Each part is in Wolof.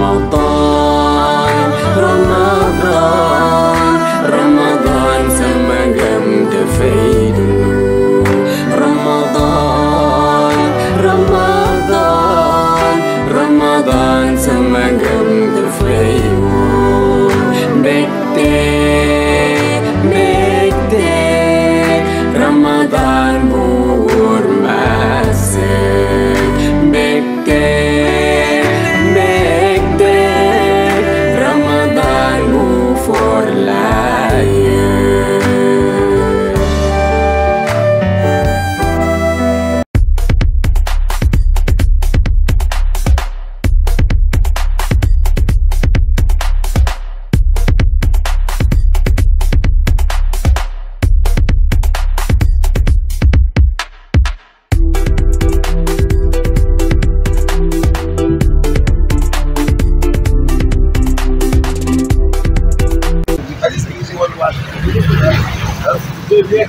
màu to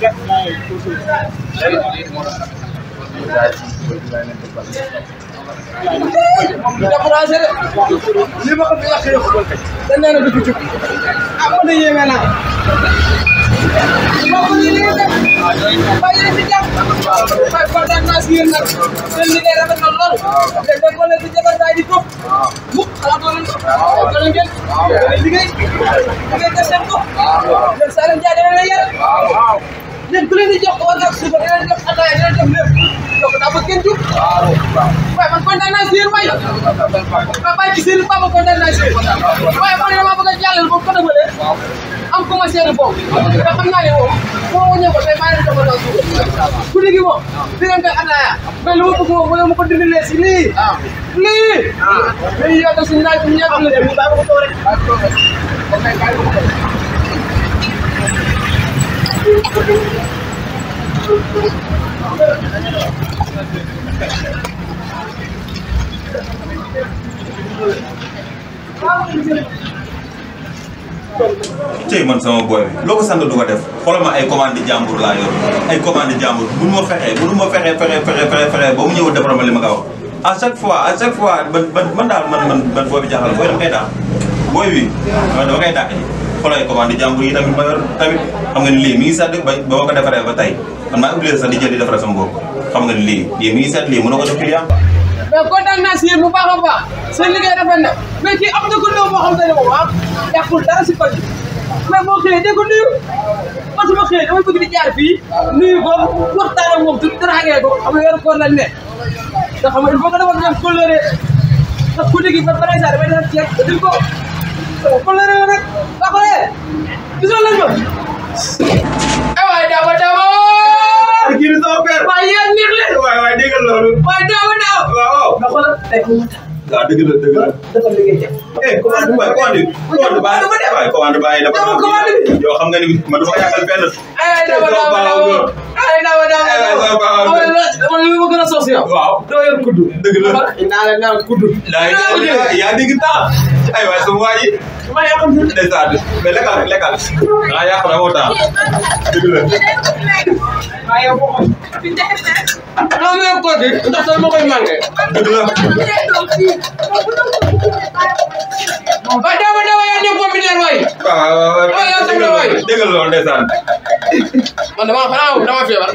découragé de li ma xam ne yàq yëpp dañ nee na du fi jóg ah man de yéeme naa mbokk yi li ngeen def bàyyi leen ci jàpp waaye kontaan naa si yéen nag seen liggéey rafet na lool te tey boo leen di jabantaay di topp mukk xalaatoo leen ko. waaw waaw liggéey liggéey def seen bopp وقت سيدي حتى يجرب di tey man sama boy bi loo ko sant du ko def xoolal ma ay commande jàmbur laa yor ay commande jàmbur mënu ma fexe mënu ma fexe fexe fexe fexe ba mu ñëw defal ma li ma ko wax à chaque fois à chaque fois man man man tapi, man man man booy bi jaaxal booy dama koy daax booy bi man dama commande jàmbur yi tamit ma yor tamit xam nga ni lii mi ngi ba ba ma ba tey man maa obligé sax di jël di defaral sama bopp xam nga lii lii mi ngi seet lii mënoo ko def client. mais kontaan naa si yéen bu baax a baax seen liggéey rafet na mais kii am na ko néew moo xam ne moom ah yàqul dara si fan mais boo xëyee dégg ko nuyu man su ma xëyee dama bëgg di jaar fii nuyu ko waxtaan ak moom tuuti dara xagee ko xam nga yor koor lañ ne te xam nga il faut que dafa def coloré te ku digi ba pare saa damay def ceeb te ko coloré rek ba xoolee gisoo lañ ma. aywa daawa daawa. naan kii bi sama père. waaye yéen neex leen. waay waay dégg nga loolu. waay daaw daaw. waaw. nga xoolal ay ko mu taal. waaw dëgg la dëgg la. dafa liggéey jàpp. eh commande waay commande. commande baa yi commande baa yi dafa. dama commande bi. yow xam nga ni man du ma yàggal benn. ay ay dama dama dama ay naaw naaw naaw man li ma gën a sos yow. waaw doo yor kuddu. dëgg la naa la naa la kuddu. yaa dégg temps aywa sama waa ji. maa yaa xam ne ndeysaan mais lekkal lekkal maa yaa xam ne moo tax dëgg la. non mais kooku ndax sax ma koy manqué. dëgg la. waaw daawa daawa yaa nekk pompiteer waay. waaw waaw waaw yow soxla waay. dëgg la loolu ndeysaan. man dama feebar.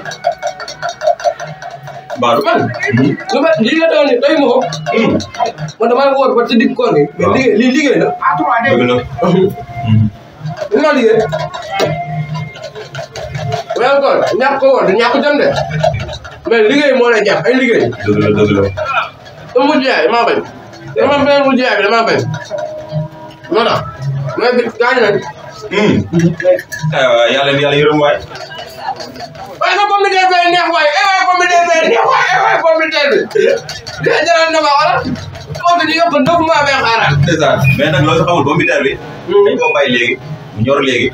Badou man. lu ba lii nga doon doy ma ko. man damaa woor ba ci digg koor liggéey na. dëgg la. liggéey. weeru koor ñàkk ko woor du de mais liggéey moo lay jàpp ay liggéey. dëgg la dëgg la. te mujj maa bañ. dama mbéy mu jaay bi dama mbéy. non non. mooy bi gaañ nañ. Hmm. aywa yàlla yàlla yërëm waay. waaye sa pomme de terre bi neex waay eh waaye pomme de terre bi neex waay eh waaye pomme de terre bi. dina jaral na ma wala. moo ko di yokk ndox mu amee xaaraan. c'est ça mais nag loolu xamul pomme de terre bi. Hmm. dañ ko bàyyi léegi mu ñor léegi.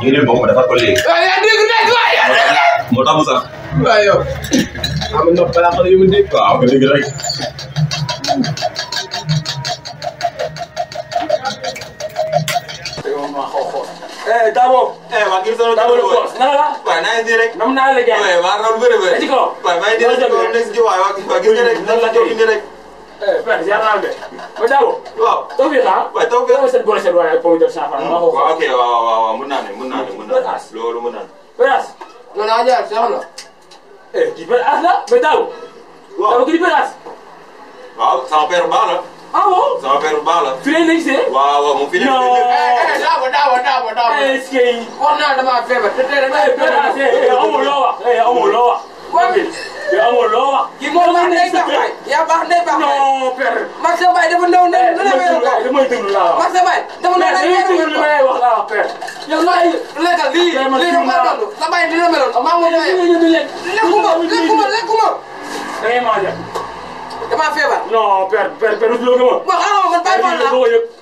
ñu ngi leen bokk dafa ko léegi. waaw yaa dégg dégg waay yaa dégg dégg. moo tax mu sax. waaw yow. am na balaa xam ne yu mu dégg. waaw dégg rek. Dabo. waaw kii solo Dabo la ko wax naka la. waaw naa indi rek. nam naa la jaay waaye a loolu bëri bëri. waaw maa ngi déglu loolu nekk ci waay waaw gis nga rek nan la jox indi rek. Père ziar naa la de. ba Dabo. waaw taw bi ah. waaw taw bi ah. seen boole seen waaye Pow Diop Saafara. waaw ok waaw waaw waaw mun naa ne mun naa ne mun naa ne loolu mun naa ne. Père As. la. eh kii Père eh, As la ba Dabo. waaw Dabo kii Père As. waaw sama père bu baax la. ah bon sama père bu baax la. fii daawa daawa daawa. est-ce que wax naa damaa feebar te tey rek. amul loo wax amul loo wax. amul loo wax. kii moo baax ndey baax waay. yaa baax ndey baax waay. non père. Marché Baye dafa ndaw ne ne la wéyal kaay. damay déglu laa wax. Marché Baye dafa ndaw ne ne la wéyal wax laa wax père. yow looy lekkal lii lii dafa maa doon sa baay dina meloon. maa ngi woon lekkuma lekkuma lekkuma. da ngay manger. damaa feebar. non père père père du loolu ma. waaw xaaral ma man bàyyi ma la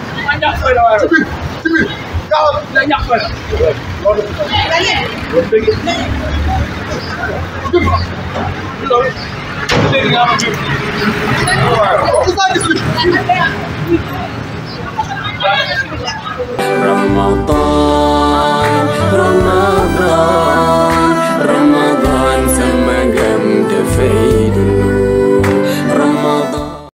nhập rồi rồi chị mình chị mình cao đã nhập rồi nó được rồi tính rồi tiền ra mà chịu Ramadan